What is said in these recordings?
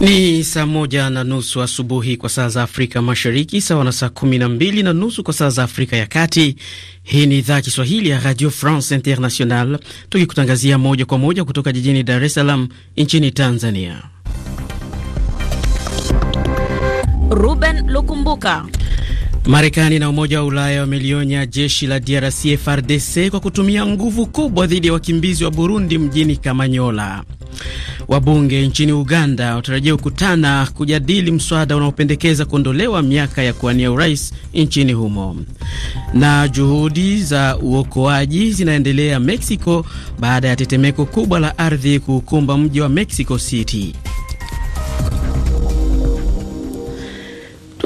Ni saa moja na nusu asubuhi kwa saa za Afrika Mashariki, sawa na saa kumi na mbili na nusu kwa saa za Afrika ya Kati. Hii ni idhaa Kiswahili ya Radio France International, tukikutangazia moja kwa moja kutoka jijini Dar es Salaam nchini Tanzania. Ruben Lukumbuka. Marekani na Umoja wa Ulaya wamelionya jeshi la DRC frdc kwa kutumia nguvu kubwa dhidi ya wakimbizi wa Burundi mjini Kamanyola. Wabunge nchini Uganda watarajia kukutana kujadili mswada unaopendekeza kuondolewa miaka ya kuwania urais nchini humo. Na juhudi za uokoaji zinaendelea Mexico baada ya tetemeko kubwa la ardhi kuukumba mji wa Mexico City.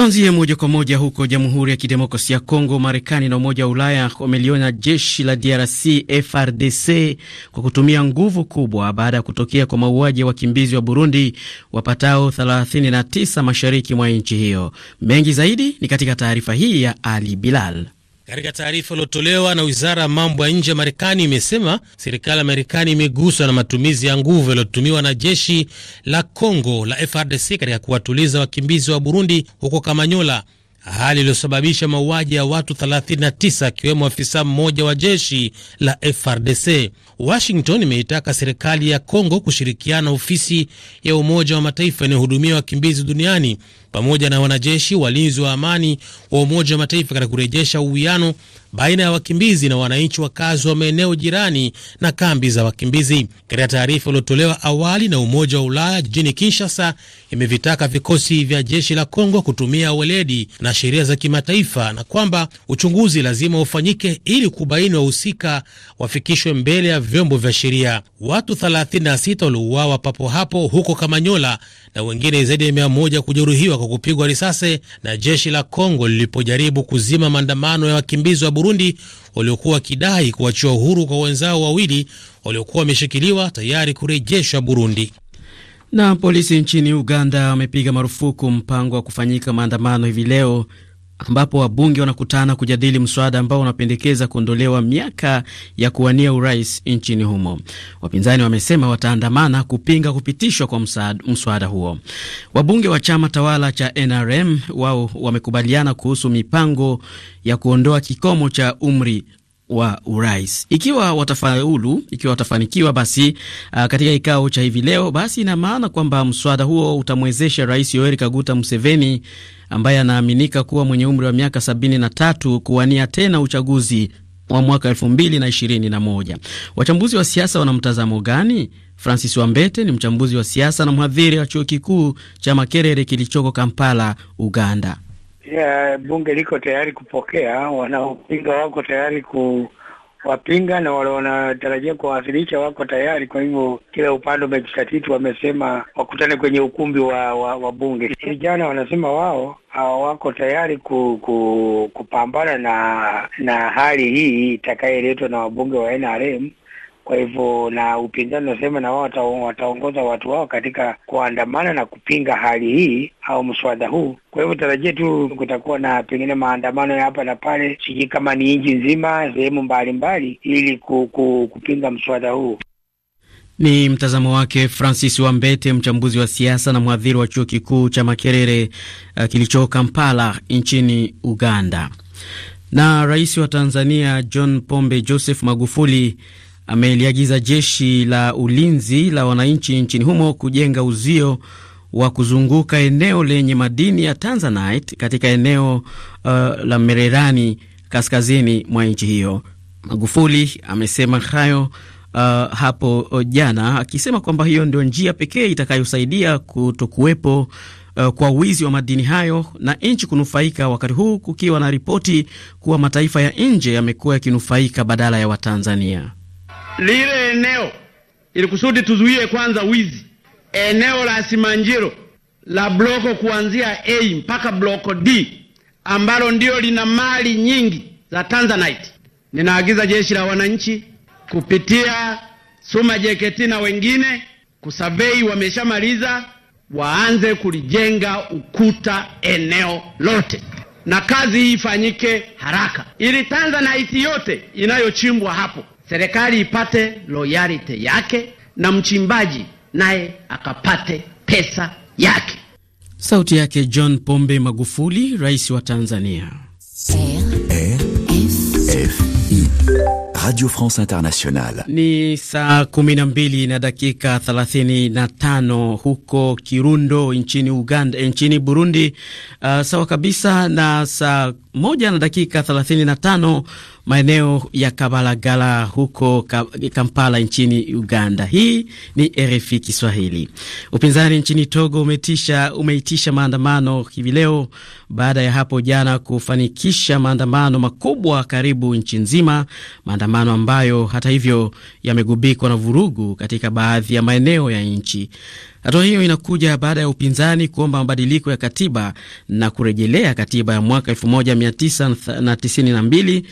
Tuanzie moja kwa moja huko Jamhuri ya Kidemokrasia ya Kongo. Marekani na Umoja wa Ulaya wameliona jeshi la DRC FRDC kwa kutumia nguvu kubwa baada ya kutokea kwa mauaji ya wakimbizi wa Burundi wapatao 39 mashariki mwa nchi hiyo. Mengi zaidi ni katika taarifa hii ya Ali Bilal. Katika taarifa iliyotolewa na wizara ya mambo ya nje ya Marekani imesema serikali ya Marekani imeguswa na matumizi ya nguvu yaliyotumiwa na jeshi la Congo la FRDC katika kuwatuliza wakimbizi wa Burundi huko Kamanyola, hali iliyosababisha mauaji ya watu 39 akiwemo afisa mmoja wa jeshi la FRDC. Washington imeitaka serikali ya Congo kushirikiana na ofisi ya Umoja wa Mataifa inayohudumia wakimbizi duniani pamoja na wanajeshi walinzi wa amani wa Umoja wa Mataifa katika kurejesha uwiano baina ya wakimbizi na wananchi wakazi wa maeneo jirani na kambi za wakimbizi. Katika taarifa iliyotolewa awali na Umoja wa Ulaya jijini Kinshasa, imevitaka vikosi vya jeshi la Kongo kutumia weledi na sheria za kimataifa na kwamba uchunguzi lazima ufanyike ili kubaini wahusika wafikishwe mbele ya vyombo vya sheria. Watu 36 waliouawa papo hapo huko Kamanyola na wengine zaidi ya mia moja kujeruhiwa kwa kupigwa risasi na jeshi la Kongo lilipojaribu kuzima maandamano ya wakimbizi wa Burundi waliokuwa wakidai kuachiwa uhuru kwa wenzao wawili waliokuwa wameshikiliwa tayari kurejeshwa Burundi. Na polisi nchini Uganda wamepiga marufuku mpango wa kufanyika maandamano hivi leo ambapo wabunge wanakutana kujadili mswada ambao unapendekeza kuondolewa miaka ya kuwania urais nchini humo. Wapinzani wamesema wataandamana kupinga kupitishwa kwa mswada huo. Wabunge wa chama tawala cha NRM wao wamekubaliana kuhusu mipango ya kuondoa kikomo cha umri wa urais. Ikiwa watafaulu, ikiwa watafanikiwa, basi uh, katika kikao cha hivi leo, basi ina maana kwamba mswada huo utamwezesha Rais Yoweri Kaguta Museveni ambaye anaaminika kuwa mwenye umri wa miaka sabini na tatu kuwania tena uchaguzi wa mwaka elfu mbili na ishirini na moja. Wachambuzi wa siasa wana mtazamo gani? Francis Wambete ni mchambuzi wa siasa na mhadhiri wa chuo kikuu cha Makerere kilichoko Kampala, Uganda ya bunge liko tayari kupokea, wanaopinga wako tayari kuwapinga na wale wanatarajia kuwawasilisha wako tayari. Kwa hivyo kila upande umejikatiti, wamesema wakutane kwenye ukumbi wa, wa, wa bunge. Vijana wanasema wao wako tayari ku, ku, kupambana na na hali hii itakayeletwa na wabunge wa NRM kwa hivyo na upinzani unasema na wao wataongoza watu wao katika kuandamana na kupinga hali hii au mswada huu. Kwa hivyo tarajia tu kutakuwa na pengine maandamano ya hapa na pale, sijui kama ni nchi nzima, sehemu mbalimbali, ili kupinga mswada huu. Ni mtazamo wake Francis Wambete, mchambuzi wa siasa na mhadhiri wa chuo kikuu cha Makerere uh, eh, kilicho Kampala nchini Uganda. Na rais wa Tanzania John Pombe Joseph Magufuli ameliagiza jeshi la ulinzi la wananchi nchini humo kujenga uzio wa kuzunguka eneo lenye madini ya Tanzanite katika eneo uh, la Mererani kaskazini mwa nchi hiyo. Magufuli amesema hayo uh, hapo jana akisema kwamba hiyo ndio njia pekee itakayosaidia kutokuwepo uh, kwa wizi wa madini hayo na nchi kunufaika, wakati huu kukiwa na ripoti kuwa mataifa ya nje yamekuwa yakinufaika badala ya Watanzania lile eneo ili kusudi tuzuie kwanza wizi. Eneo la Simanjiro la bloko kuanzia A mpaka bloko D ambalo ndio lina mali nyingi za Tanzanite, ninaagiza jeshi la wananchi kupitia Suma JKT na wengine kusavei, wameshamaliza waanze kulijenga ukuta eneo lote, na kazi hii ifanyike haraka ili Tanzanite yote inayochimbwa hapo serikali ipate loyalty yake na mchimbaji naye akapate pesa yake. Sauti yake John Pombe Magufuli, rais wa Tanzania. RFI Radio France Internationale. Ni saa 12 na dakika 35 huko Kirundo nchini Uganda, nchini Burundi, uh, sawa kabisa na saa moja na dakika 35 maeneo ya Kabalagala huko Kampala nchini Uganda. Hii ni RFI Kiswahili. Upinzani nchini Togo umetisha, umeitisha maandamano hivi leo baada ya hapo jana kufanikisha maandamano makubwa karibu nchi nzima, maandamano ambayo hata hivyo yamegubikwa na vurugu katika baadhi ya maeneo ya nchi. Hatua hiyo inakuja baada ya upinzani kuomba mabadiliko ya katiba na kurejelea katiba ya mwaka 1992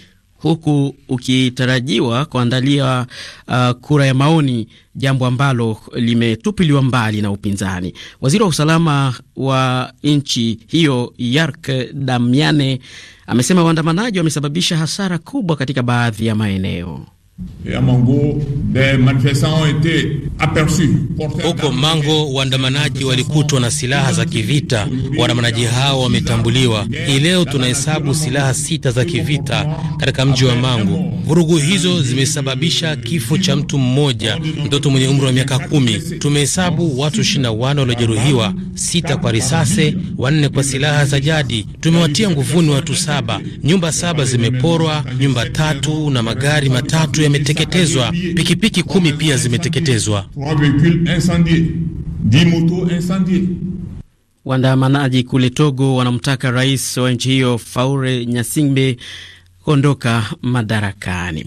huku ukitarajiwa kuandalia uh, kura ya maoni, jambo ambalo limetupiliwa mbali na upinzani. Waziri wa usalama wa nchi hiyo Yark Damiane amesema waandamanaji wamesababisha hasara kubwa katika baadhi ya maeneo. Et à Mango, des manifestants ont été aperçus. Huko Mango waandamanaji walikutwa na silaha za kivita. Waandamanaji hao wametambuliwa. Hii leo tunahesabu silaha sita za kivita katika mji wa Mango. Vurugu hizo zimesababisha kifo cha mtu mmoja, mtoto mwenye umri wa miaka kumi. Tumehesabu watu 21 waliojeruhiwa, sita kwa risase wanne kwa silaha za jadi. Tumewatia nguvuni watu saba. Nyumba saba zimeporwa, nyumba tatu na magari matatu yameteketezwa, pikipiki kumi pia zimeteketezwa. Waandamanaji kule Togo wanamtaka rais wa nchi hiyo Faure Nyasingbe kuondoka madarakani.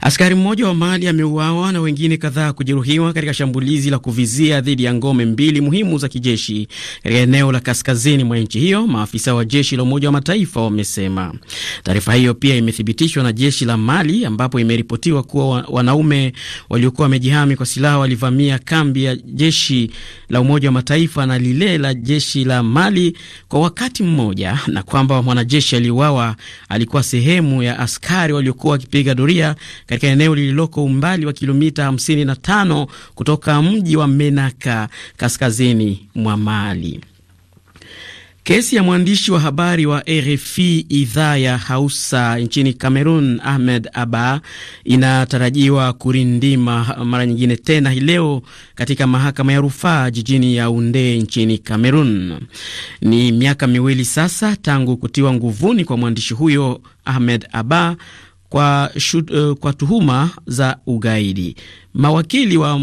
Askari mmoja wa Mali ameuawa na wengine kadhaa kujeruhiwa katika shambulizi la kuvizia dhidi ya ngome mbili muhimu za kijeshi katika eneo la kaskazini mwa nchi hiyo, maafisa wa jeshi la Umoja wa Mataifa wamesema. Taarifa hiyo pia imethibitishwa na jeshi la Mali, ambapo imeripotiwa kuwa wanaume waliokuwa wamejihami kwa silaha walivamia kambi ya jeshi la Umoja wa Mataifa na lile la jeshi la Mali kwa wakati mmoja, na kwamba mwanajeshi aliuawa alikuwa sehemu timu ya askari waliokuwa wakipiga doria katika eneo lililoko umbali wa kilomita 55 kutoka mji wa Menaka kaskazini mwa Mali. Kesi ya mwandishi wa habari wa RFI idhaa ya Hausa nchini Cameroon, Ahmed Abba, inatarajiwa kurindima mara nyingine tena hii leo katika mahakama ya rufaa jijini Yaounde nchini Cameroon. Ni miaka miwili sasa tangu kutiwa nguvuni kwa mwandishi huyo Ahmed Abba kwa, shud, uh, eh, kwa tuhuma za ugaidi. Mawakili wa,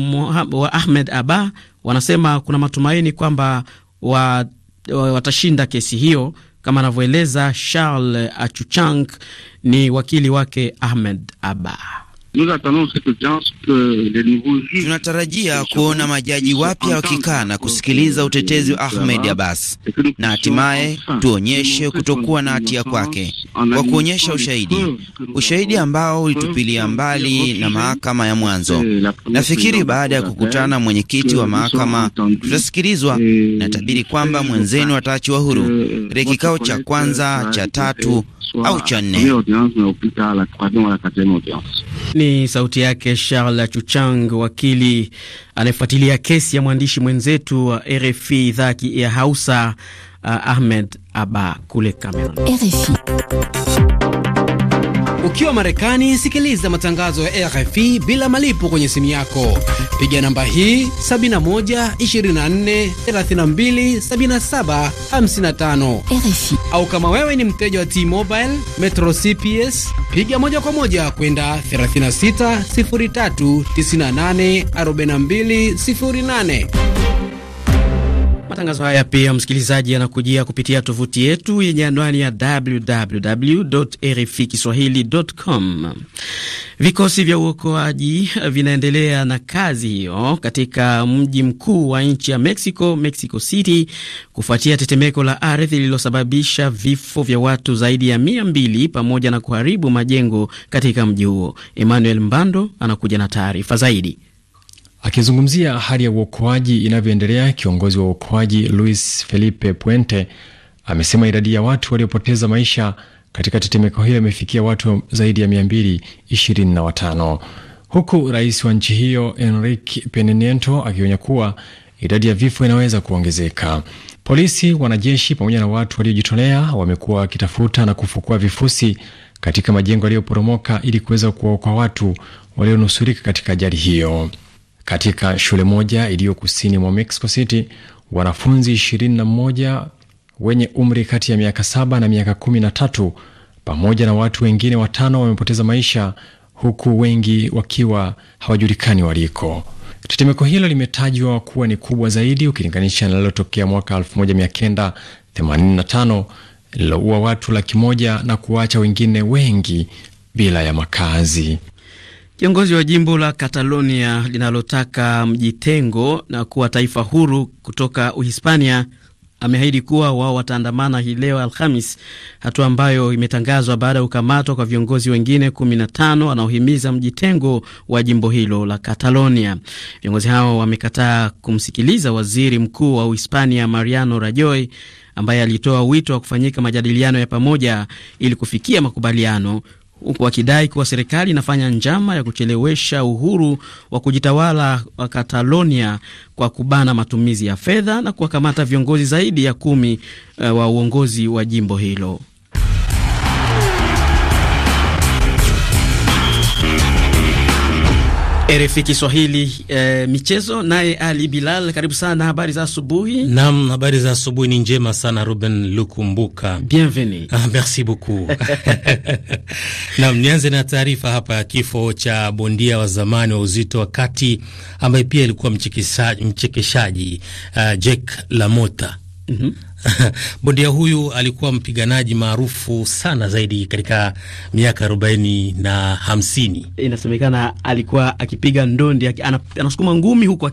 wa Ahmed Abba wanasema kuna matumaini kwamba wa watashinda kesi hiyo, kama anavyoeleza Charles Achuchank, ni wakili wake Ahmed Abba. Tunatarajia kuona majaji wapya wakikaa na kusikiliza utetezi wa Ahmed Abbas na hatimaye tuonyeshe kutokuwa na hatia kwake kwa kuonyesha ushahidi, ushahidi ambao ulitupilia mbali na mahakama ya mwanzo. Nafikiri baada ya kukutana mwenyekiti wa mahakama tutasikilizwa. Natabiri kwamba mwenzenu ataachiwa huru katika kikao cha kwanza, cha tatu au cha nne ni sauti yake Charles Chuchang, wakili anayefuatilia kesi ya mwandishi mwenzetu wa RFI idhaa ya Hausa, uh, Ahmed Aba kule Cameroon. RFI ukiwa Marekani, sikiliza matangazo ya RFI bila malipo kwenye simu yako. Piga namba hii 7124327755 RFI. Au kama wewe ni mteja wa T-Mobile Metro CPS, piga moja kwa moja kwenda 36 03 98 42 08. Matangazo haya pia msikilizaji, yanakujia kupitia tovuti yetu yenye anwani ya www RFI kiswahilicom. Vikosi vya uokoaji vinaendelea na kazi hiyo katika mji mkuu wa nchi ya Mexico, Mexico City, kufuatia tetemeko la ardhi lililosababisha vifo vya watu zaidi ya mia mbili pamoja na kuharibu majengo katika mji huo. Emmanuel Mbando anakuja na taarifa zaidi. Akizungumzia hali ya uokoaji inavyoendelea, kiongozi wa uokoaji Luis Felipe Puente amesema idadi ya watu waliopoteza maisha katika tetemeko hiyo imefikia watu zaidi ya 225 huku rais wa nchi hiyo Enrique Pena akionya kuwa idadi ya vifo inaweza kuongezeka. Polisi, wanajeshi pamoja na watu waliojitolea wamekuwa wakitafuta na kufukua vifusi katika majengo yaliyoporomoka ili kuweza kuwaokoa watu walionusurika katika ajali hiyo. Katika shule moja iliyo kusini mwa Mexico City, wanafunzi 21 wenye umri kati ya miaka 7 na miaka 13 na tatu pamoja na watu wengine watano wamepoteza maisha huku wengi wakiwa hawajulikani waliko. Tetemeko hilo limetajwa kuwa ni kubwa zaidi ukilinganisha na lililotokea mwaka 1985 lililoua watu laki moja na kuwacha wengine wengi bila ya makazi. Kiongozi wa jimbo la Catalonia linalotaka mjitengo na kuwa taifa huru kutoka Uhispania ameahidi kuwa wao wataandamana hii leo Alhamis, hatua ambayo imetangazwa baada ya kukamatwa kwa viongozi wengine 15 wanaohimiza mjitengo wa jimbo hilo la Catalonia. Viongozi hao wamekataa kumsikiliza waziri mkuu wa Uhispania Mariano Rajoy ambaye alitoa wito wa kufanyika majadiliano ya pamoja ili kufikia makubaliano wakidai kuwa serikali inafanya njama ya kuchelewesha uhuru wa kujitawala wa Catalonia kwa kubana matumizi ya fedha na kuwakamata viongozi zaidi ya kumi uh, wa uongozi wa jimbo hilo. RFI Kiswahili e, michezo naye Ali Bilal, karibu sana. Habari za asubuhi. Naam, habari za asubuhi ni njema sana Ruben Lukumbuka. Bienvenue. Ah, merci beaucoup. Naam, nianze na taarifa hapa ya kifo cha bondia wa zamani wa uzito wa kati ambaye pia alikuwa mchekeshaji uh, Jack LaMotta. Mm -hmm. Bondia huyu alikuwa mpiganaji maarufu sana zaidi katika miaka arobaini na hamsini. Inasemekana alikuwa akipiga ndondi aki, anasukuma ngumi huku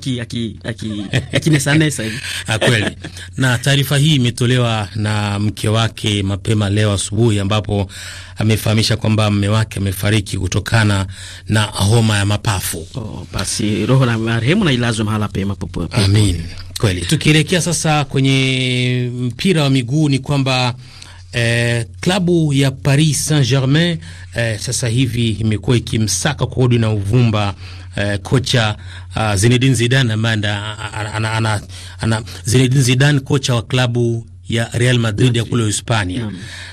akinesanesa hivi ah, kweli. Na taarifa hii imetolewa na mke wake mapema leo asubuhi, ambapo amefahamisha kwamba mme wake amefariki kutokana na homa ya mapafu. Oh, basi roho na marehemu na ilazwe mahala pema popote. Amin. Kweli. Tukielekea sasa kwenye mpira wa miguu ni kwamba Eh, klabu ya Paris Saint-Germain eh, sasa hivi imekuwa ikimsaka kwa hodi na uvumba eh, kocha uh, Zinedine Zidane ambaye ana, ana, ana, Zinedine Zidane kocha wa klabu ya Real Madrid ya kule Hispania.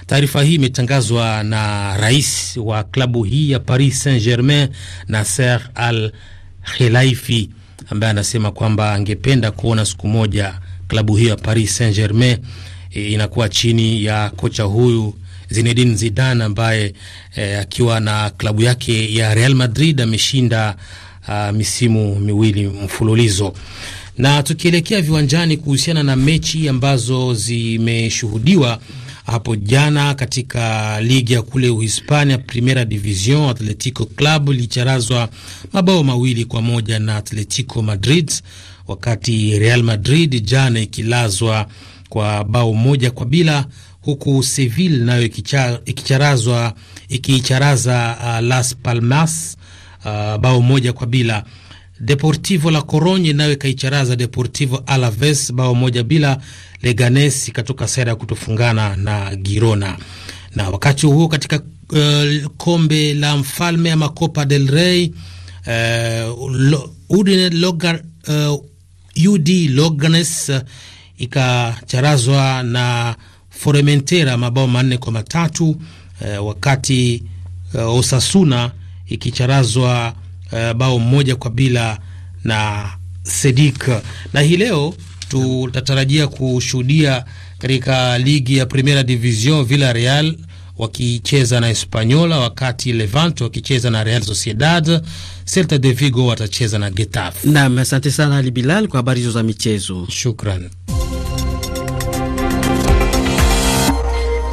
Taarifa hii imetangazwa na rais wa klabu hii ya Paris Saint-Germain Nasser Al Khelaifi ambaye anasema kwamba angependa kuona siku moja klabu hiyo ya Paris Saint Germain e, inakuwa chini ya kocha huyu Zinedine Zidane ambaye e, akiwa na klabu yake ya Real Madrid ameshinda misimu miwili mfululizo. Na tukielekea viwanjani kuhusiana na mechi ambazo zimeshuhudiwa hapo jana katika ligi ya kule Uhispania, Primera Division, Atletico Club ilicharazwa mabao mawili kwa moja na Atletico Madrid, wakati Real Madrid jana ikilazwa kwa bao moja kwa bila huku Seville nayo ikicharazwa ikiicharaza uh, Las Palmas uh, bao moja kwa bila Deportivo la Coruña nayo ikaicharaza Deportivo Alaves bao moja bila. Leganes ikatoka sera ya kutofungana na Girona. Na wakati huo katika uh, kombe la mfalme ama Copa del Rey uh, Udine Logar, uh, eh, UD Loganes uh, ikacharazwa na Formentera mabao manne kwa matatu uh, wakati uh, Osasuna ikicharazwa uh, bao mmoja kwa bila na Sedik. Na hii leo tutatarajia kushuhudia katika ligi ya Primera Division Villarreal wakicheza na Espanyola, wakati Levante wakicheza na Real Sociedad. Celta de Vigo watacheza na Getafe. Naam, asante sana Ali Bilal kwa habari hizo za michezo, shukran.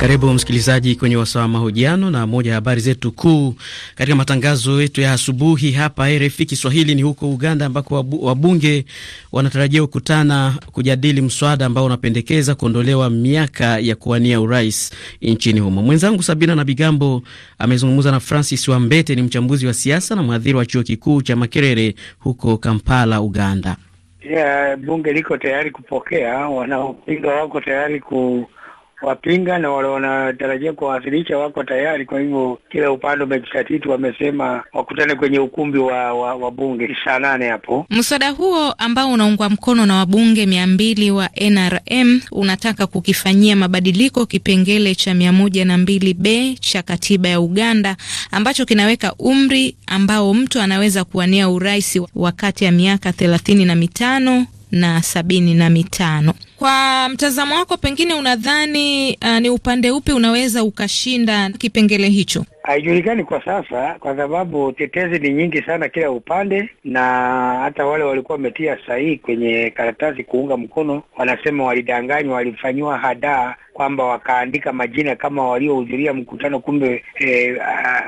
Karibu msikilizaji kwenye wasaa wa mahojiano, na moja ya habari zetu kuu katika matangazo yetu ya asubuhi hapa RFI Kiswahili ni huko Uganda ambako wabunge wanatarajia kukutana kujadili mswada ambao unapendekeza kuondolewa miaka ya kuwania urais nchini humo. Mwenzangu Sabina na Bigambo amezungumza na Francis Wambete, ni mchambuzi wa siasa na mhadhiri wa chuo kikuu cha Makerere huko Kampala, Uganda. Yeah, bunge liko tayari kupokea, wanaopinga wako tayari ku wapinga na wale wanatarajia kuwawasilisha wako tayari. Kwa hivyo kila upande umejitatiti, wamesema wakutane kwenye ukumbi wa, wa, wa bunge saa nane hapo. Mswada huo ambao unaungwa mkono na wabunge mia mbili wa NRM unataka kukifanyia mabadiliko kipengele cha mia moja na mbili b cha katiba ya Uganda ambacho kinaweka umri ambao mtu anaweza kuwania urais wakati ya miaka thelathini na mitano na sabini na mitano. Kwa mtazamo wako, pengine unadhani uh, ni upande upi unaweza ukashinda kipengele hicho? haijulikani kwa sasa, kwa sababu tetezi ni nyingi sana kila upande, na hata wale walikuwa wametia sahihi kwenye karatasi kuunga mkono wanasema walidanganywa, walifanyiwa hadaa kwamba wakaandika majina kama waliohudhuria mkutano, kumbe e, eh,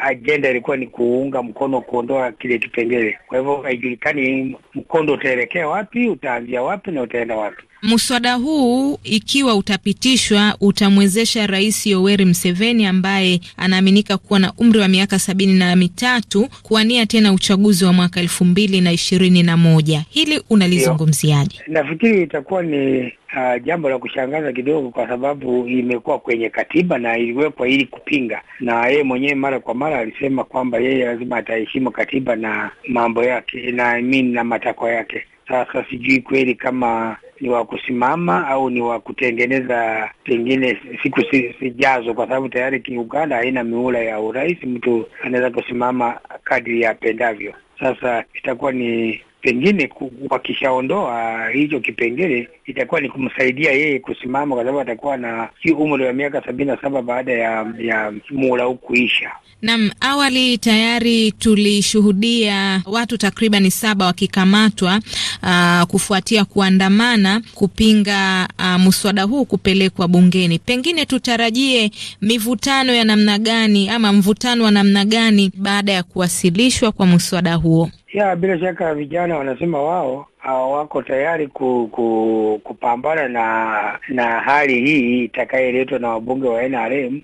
ajenda ilikuwa ni kuunga mkono kuondoa kile kipengele. Kwa hivyo haijulikani mkondo utaelekea wapi, utaanzia wapi na utaenda wapi. Mswada huu ikiwa utapitishwa, utamwezesha Rais Yoweri Museveni ambaye anaaminika kuwa na umri wa miaka sabini na mitatu kuwania tena uchaguzi wa mwaka elfu mbili na ishirini na moja. Hili unalizungumziaje? Nafikiri itakuwa ni Uh, jambo la kushangaza kidogo kwa sababu imekuwa kwenye katiba na iliwekwa ili kupinga, na yeye mwenyewe mara kwa mara alisema kwamba yeye lazima ataheshimu katiba na mambo yake na I mean, na matakwa yake. Sasa sijui kweli kama ni wa kusimama au ni wa kutengeneza pengine siku sijazo si, kwa sababu tayari kiuganda haina miula ya urais, mtu anaweza kusimama kadri yapendavyo. Sasa itakuwa ni pengine wakishaondoa hicho kipengele itakuwa ni kumsaidia yeye kusimama, kwa sababu atakuwa na si umri wa miaka sabini na saba baada ya ya muhula huu kuisha. Naam, awali tayari tulishuhudia watu takribani saba wakikamatwa uh, kufuatia kuandamana kupinga uh, ah, mswada huu kupelekwa bungeni. Pengine tutarajie mivutano ya namna gani ama mvutano wa namna gani baada ya kuwasilishwa kwa mswada huo? ya bila shaka vijana wanasema wao wako tayari ku, ku, kupambana na na hali hii itakayeletwa na wabunge wa NRM.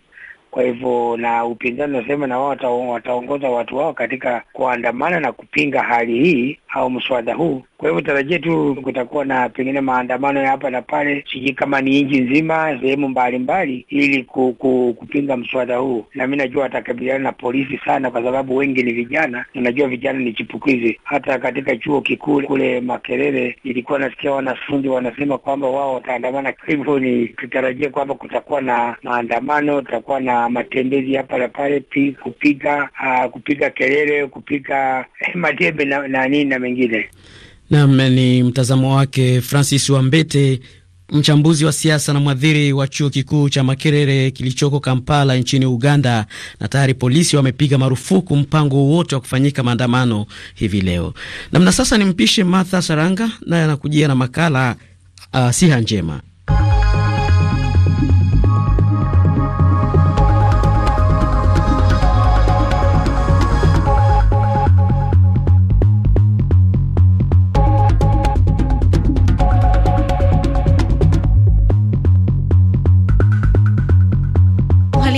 Kwa hivyo na upinzani unasema na wao wataongoza watu wao katika kuandamana na kupinga hali hii au mswada huu. Kwa hivyo tarajia tu kutakuwa na pengine maandamano ya hapa na pale, sijui kama ni nchi nzima, sehemu mbalimbali, ili ku, ku, kupinga mswada huu, na mi najua watakabiliana na polisi sana, kwa sababu wengi ni vijana, na najua vijana ni chipukizi. Hata katika chuo kikuu kule Makerere ilikuwa nasikia wanafunzi wanasema kwamba wao wataandamana. Kwa hivyo ni tutarajia kwamba kutakuwa na maandamano, tutakuwa na matembezi hapa na pale, kupiga ah, kupiga kelele, kupiga eh, madebe na nini na, na, na, na, na mengine. Nam ni mtazamo wake Francis Wambete, mchambuzi wa siasa na mwadhiri wa chuo kikuu cha Makerere kilichoko Kampala nchini Uganda. Na tayari polisi wamepiga marufuku mpango wote wa kufanyika maandamano hivi leo. Namna sasa, nimpishe Martha Saranga naye anakujia na makala uh, siha njema.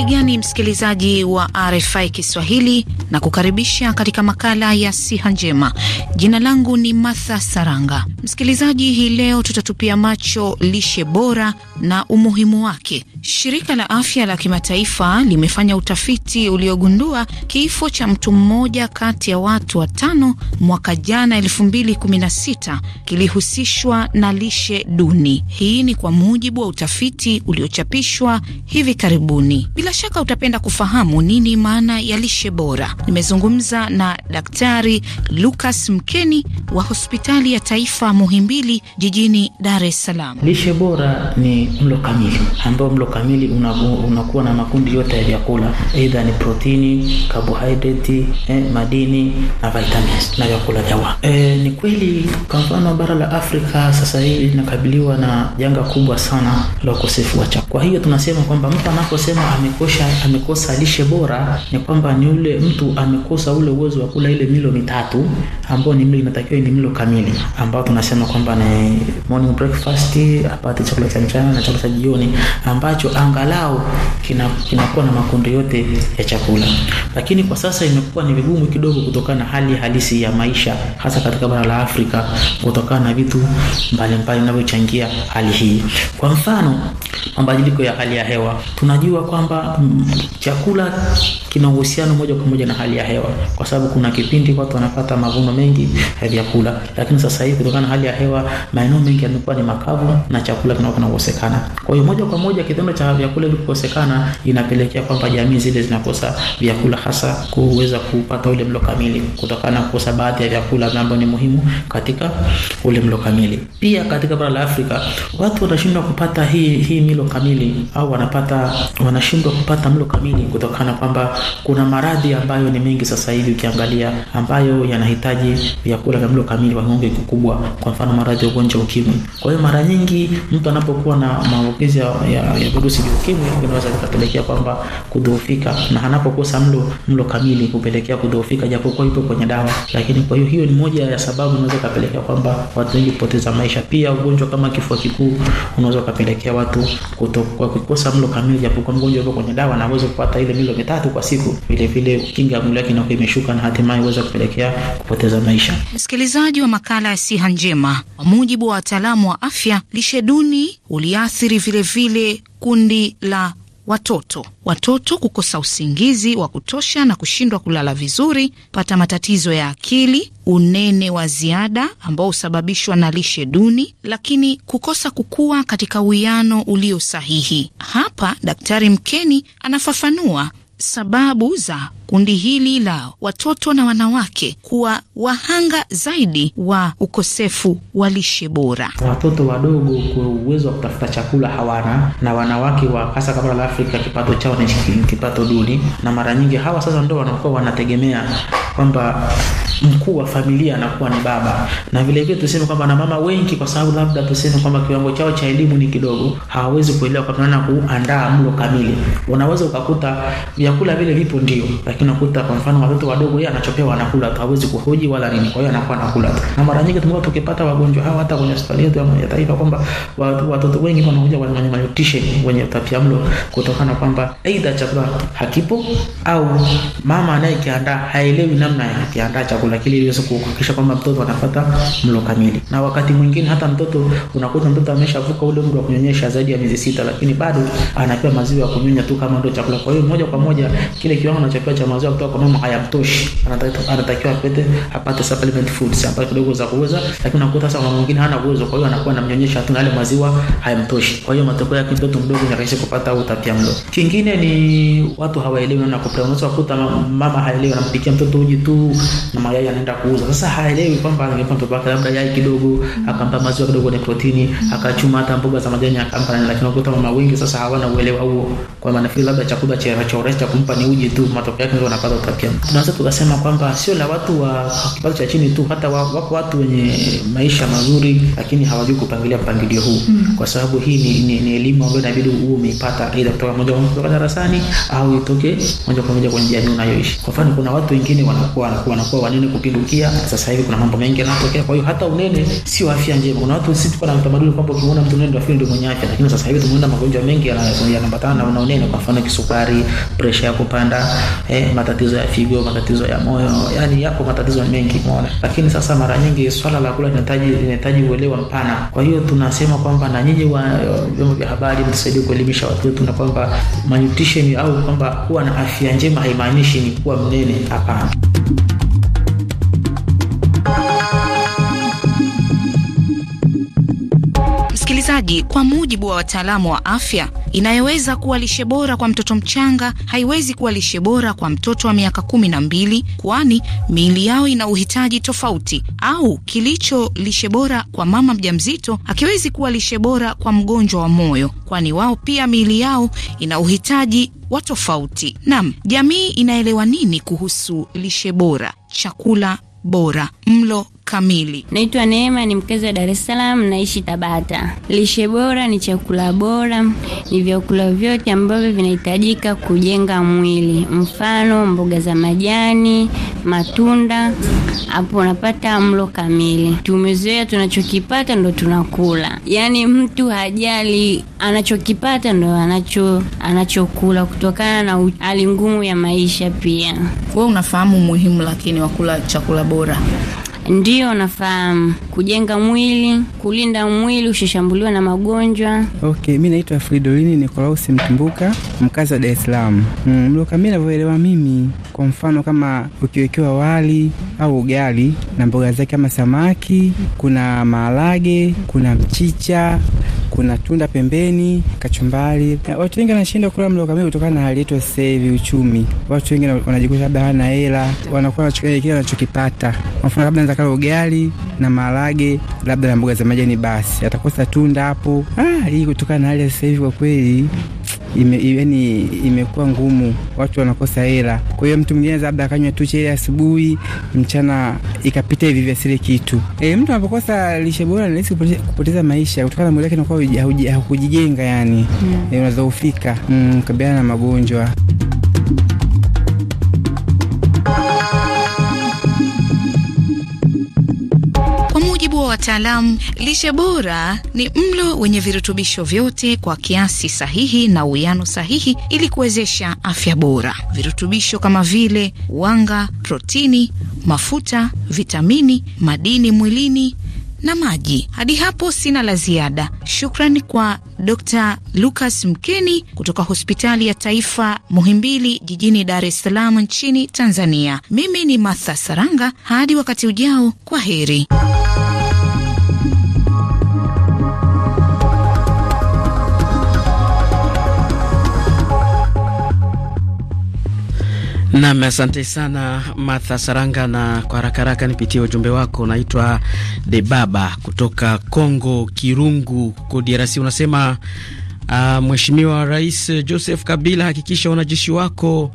gani, msikilizaji wa RFI Kiswahili, na kukaribisha katika makala ya siha njema. Jina langu ni Martha Saranga. Msikilizaji, hii leo tutatupia macho lishe bora na umuhimu wake. Shirika la Afya la Kimataifa limefanya utafiti uliogundua kifo cha mtu mmoja kati ya watu watano mwaka jana 2016 kilihusishwa na lishe duni. Hii ni kwa mujibu wa utafiti uliochapishwa hivi karibuni. Bila shaka utapenda kufahamu nini maana ya lishe bora. Nimezungumza na Daktari Lucas Mkeni wa hospitali ya taifa Muhimbili jijini Dar es Salaam. Lishe bora ni mlo kamili, ambao mlo kamili unakuwa una na makundi yote ya vyakula, aidha ni protini, carbohydrate, eh, madini na vitamins na vyakula vya wanga. Eh, ni kweli kwa mfano bara la Afrika sasa hivi linakabiliwa na janga kubwa sana la ukosefu wa chakula. Kwa hiyo tunasema kwamba mtu anaposema ameko kuosha amekosa lishe bora ni kwamba ni ule mtu amekosa ule uwezo wa kula ile milo mitatu ambayo ni milo inatakiwa ni milo kamili ambao tunasema kwamba ni morning breakfast apate chakula cha mchana na chakula cha jioni ambacho angalau kinakuwa kina na makundi yote ya chakula lakini kwa sasa imekuwa ni vigumu kidogo kutokana na hali halisi ya maisha hasa katika bara la Afrika kutokana na vitu mbalimbali vinavyochangia hali hii kwa mfano mabadiliko ya hali ya hewa tunajua kwamba chakula kina uhusiano moja kwa moja na hali ya hewa, kwa sababu kuna kipindi watu wanapata mavuno mengi ya vyakula, lakini sasa hivi kutokana na hali ya hewa maeneo mengi yamekuwa ni makavu na chakula kinakuwa kinakosekana. Kwa hiyo moja kwa moja kitendo cha vyakula vikosekana inapelekea kwamba jamii zile zinakosa vyakula, hasa kuweza kupata ule mlo kamili, kutokana na kukosa baadhi ya vyakula ambavyo ni muhimu katika ule mlo kamili. Pia katika bara la Afrika watu wanashindwa kupata hii hii milo kamili au wanapata wanashindwa kupata mlo kamili kutokana kwamba kuna maradhi ambayo ni mengi sasa hivi ukiangalia ambayo yanahitaji vyakula vya mlo kamili kwa kiwango kikubwa kwa mfano maradhi ya ugonjwa ukimwi kwa hiyo mara nyingi mtu anapokuwa na maambukizi ya, ya, virusi vya ukimwi vinaweza vikapelekea kwamba kudhoofika na anapokosa mlo mlo kamili kupelekea kudhoofika japokuwa ipo kwenye dawa lakini kwa hiyo hiyo ni moja ya sababu inaweza kapelekea kwamba watu wengi kupoteza maisha pia ugonjwa kama kifua kikuu unaweza ukapelekea watu kutokwa kukosa mlo kamili japokuwa mgonjwa yupo kwenye na uweze kupata ile milo mitatu kwa siku, vile vile kinga ya mwili wake inakuwa imeshuka na hatimaye huweza kupelekea kupoteza maisha. Msikilizaji wa makala ya siha njema, kwa mujibu wa wataalamu wa afya, lishe duni uliathiri vilevile kundi la watoto. Watoto kukosa usingizi wa kutosha na kushindwa kulala vizuri, pata matatizo ya akili, unene wa ziada ambao husababishwa na lishe duni, lakini kukosa kukua katika uwiano ulio sahihi. Hapa Daktari Mkeni anafafanua sababu za kundi hili la watoto na wanawake kuwa wahanga zaidi wa ukosefu wa lishe bora. Watoto wadogo kwa uwezo wa kutafuta chakula hawana, na wanawake wa hasa kabla la Afrika kipato chao ni kipato duni, na mara nyingi hawa sasa ndo wanakuwa wanategemea kwamba mkuu wa familia anakuwa ni baba, na vile vile tuseme kwamba na mama wengi, kwa sababu labda tuseme kwamba kiwango chao cha elimu ni kidogo, hawawezi kuelewa kwa kuandaa mlo kamili. Unaweza ukakuta vyakula vile vipo ndio, lakini unakuta kwa mfano watoto wadogo yeye anachopewa anakula tu, hawezi kuhoji wala nini, kwa hiyo anakuwa anakula tu. Na mara nyingi tumekuwa tukipata wagonjwa hawa hata kwenye hospitali yetu ya taifa kwamba watoto wengi wanakuja wenye malnutrition, wenye utapiamlo, kutokana kwamba aidha chakula hakipo au mama anayekiandaa haelewi namna ya kiandaa chakula kile ili kuhakikisha kwamba mtoto anapata mlo kamili. Na wakati mwingine hata mtoto unakuta mtoto ameshavuka ule umri wa kunyonyesha zaidi ya miezi sita, lakini bado anapewa maziwa ya kunyonya tu kama ndio chakula, kwa hiyo moja kwa moja moja kile kiwango anachopewa cha maziwa kutoka kwa mama hayamtoshi, anatakiwa apate apate supplement foods ambazo kidogo za kuweza, lakini unakuta sasa mama mwingine hana uwezo, kwa hiyo anakuwa anamnyonyesha tu, yale maziwa hayamtoshi. Kwa hiyo matokeo yake mtoto mdogo ni rahisi kupata utapia mlo. Kingine ni watu hawaelewi na kupewa, unaweza kukuta mama haelewi, anampikia mtoto uji tu na mayai anaenda kuuza. Sasa haelewi kwamba angempa mtoto wake labda yai kidogo, akampa maziwa kidogo ni protini, akachuma hata mboga za majani akampa, lakini unakuta mama wengi sasa hawana uelewa huo, kwa maana labda chakula cha cha kumpa ni uji tu, matokeo yake ndio wanapata utapiamlo. Tunaweza tukasema kwamba sio la watu wa kipato cha chini tu, hata wa, wako watu wenye maisha mazuri, lakini hawajui kupangilia mpangilio huu mm. kwa sababu hii ni, ni, ni elimu ambayo inabidi huu umeipata aidha kutoka moja kwa moja darasani au itoke moja kwa moja kwenye jamii unayoishi. Kwa mfano, kuna watu wengine wanakuwa wanakuwa, wanakuwa wanene kupindukia. Sasa hivi kuna mambo mengi yanatokea, kwa hiyo hata unene sio afya njema. Kuna watu sisi tuko na utamaduni kwamba ukiona mtu unene ndio afya ndio mwenye afya, lakini sasa hivi tumeona magonjwa mengi yanaambatana na unene, kwa mfano kisukari, pressure presha ya kupanda eh, matatizo ya figo, matatizo ya moyo, yani yako matatizo mengi umeona. Lakini sasa mara nyingi swala la kula linahitaji linahitaji uelewa mpana. Kwa hiyo tunasema kwamba na nyinyi wa vyombo vya habari mtusaidie kuelimisha watu wetu na kwamba malnutrition au kwamba kuwa na afya njema haimaanishi ni kuwa mnene, hapana. Msikilizaji, kwa mujibu wa wataalamu wa afya, inayoweza kuwa lishe bora kwa mtoto mchanga haiwezi kuwa lishe bora kwa mtoto wa miaka kumi na mbili, kwani miili yao ina uhitaji tofauti, au kilicho lishe bora kwa mama mjamzito hakiwezi kuwa lishe bora kwa mgonjwa wa moyo, kwani wao pia miili yao ina uhitaji wa tofauti. Nam, jamii inaelewa nini kuhusu lishe bora, chakula bora, mlo kamili. Naitwa Neema, ni mkazi wa Dar es Salaam, naishi Tabata. Lishe bora ni chakula bora, ni vyakula vyote ambavyo vinahitajika kujenga mwili, mfano mboga za majani, matunda. Hapo unapata mlo kamili. Tumezoea tunachokipata ndo tunakula, yaani mtu hajali anachokipata ndo anacho anachokula kutokana na hali ngumu ya maisha. Pia wewe unafahamu umuhimu lakini wa kula chakula bora. Ndiyo, nafahamu kujenga mwili, kulinda mwili usishambuliwa na magonjwa. Okay, mi naitwa Fridolini Nikolausi Mtumbuka, mkazi wa Dar es Salaam. Mm, mlo navyoelewa mimi, kwa mfano kama ukiwekewa wali au ugali na mboga zake kama samaki, kuna maharage, kuna mchicha kuna tunda pembeni, kachumbari. Watu wengi wanashinda kula mlo kamili kutokana na hali yetu sasa hivi uchumi. Watu wengi wanajikuta labda hana hela, wanakuwa wanachukua eh, kile wanachokipata. Mfano labda nzakala ugali na maharage, labda na mboga za majani, basi atakosa tunda hapo. Ah, hii kutokana na hali sasa hivi kwa kweli yani imekuwa ngumu, watu wanakosa hela. Kwa hiyo mtu mwingine labda akanywa tu chai asubuhi, mchana ikapita hivi vya sile kitu. E, mtu anapokosa lishe bora ni rahisi kupoteza maisha kutokana na mwili wake nakuwa hakujijenga yani hmm. eh, unadhoofika, mm, kabiliana na magonjwa wataalamu, lishe bora ni mlo wenye virutubisho vyote kwa kiasi sahihi na uwiano sahihi ili kuwezesha afya bora. Virutubisho kama vile wanga, protini, mafuta, vitamini, madini mwilini na maji. Hadi hapo sina la ziada. Shukrani kwa Dr. Lucas Mkeni kutoka hospitali ya taifa Muhimbili jijini Dar es Salaam nchini Tanzania. Mimi ni Martha Saranga, hadi wakati ujao, kwa heri. Nam, asante sana Martha Saranga, na kwa haraka haraka nipitie ujumbe wako. Naitwa Baba kutoka congo Kirungu ko DRC, unasema uh, Mheshimiwa Rais Joseph Kabila, hakikisha wanajeshi wako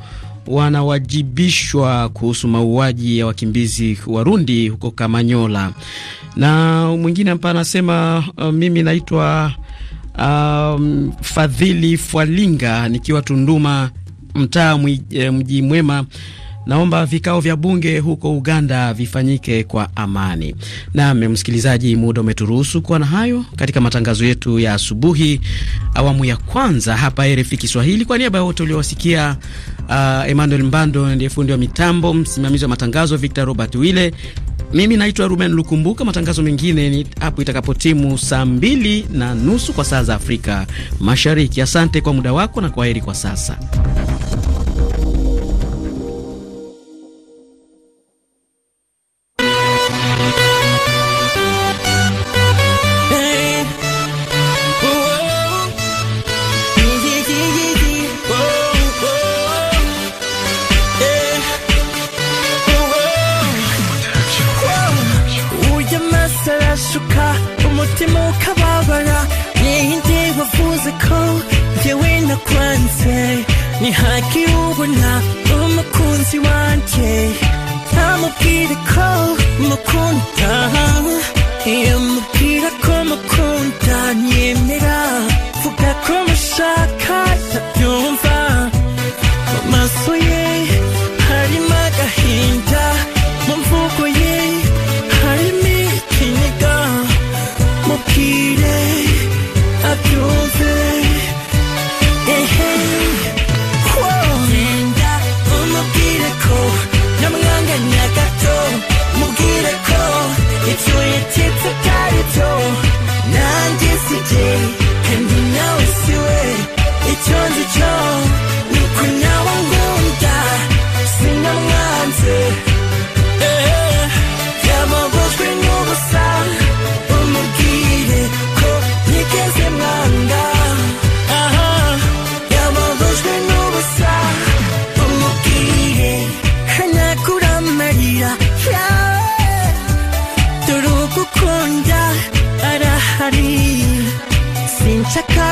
wanawajibishwa kuhusu mauaji ya wakimbizi Warundi huko Kamanyola. Na mwingine hapa anasema uh, mimi naitwa um, Fadhili Fwalinga nikiwa Tunduma mtaa eh, Mji Mwema naomba vikao vya bunge huko Uganda vifanyike kwa amani. Nam msikilizaji, muda umeturuhusu kuwa na hayo katika matangazo yetu ya asubuhi, awamu ya kwanza hapa RFI Kiswahili. Kwa niaba ya wote uliowasikia, uh, Emmanuel Mbando ndiye fundi wa mitambo, msimamizi wa matangazo Victor Robert Wille, mimi naitwa Ruben Lukumbuka. Matangazo mengine ni hapo itakapotimu saa mbili na nusu kwa saa za Afrika Mashariki. Asante kwa muda wako na kwaheri kwa sasa.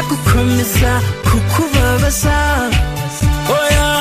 gukomeza kukubabaza oya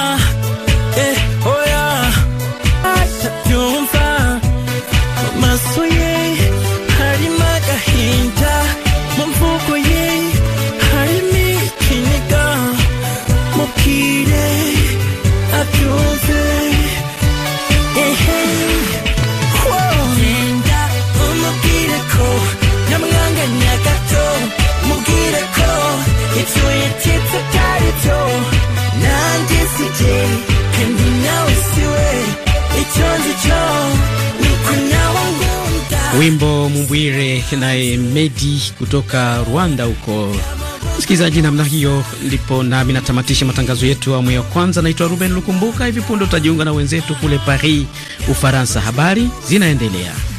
Wimbo Mumbwire naye Medi kutoka Rwanda huko. Msikilizaji, namna hiyo ndipo nami natamatisha matangazo yetu awamu ya kwanza. Naitwa Ruben Lukumbuka. Hivi punde utajiunga na wenzetu kule Paris, Ufaransa. Habari zinaendelea.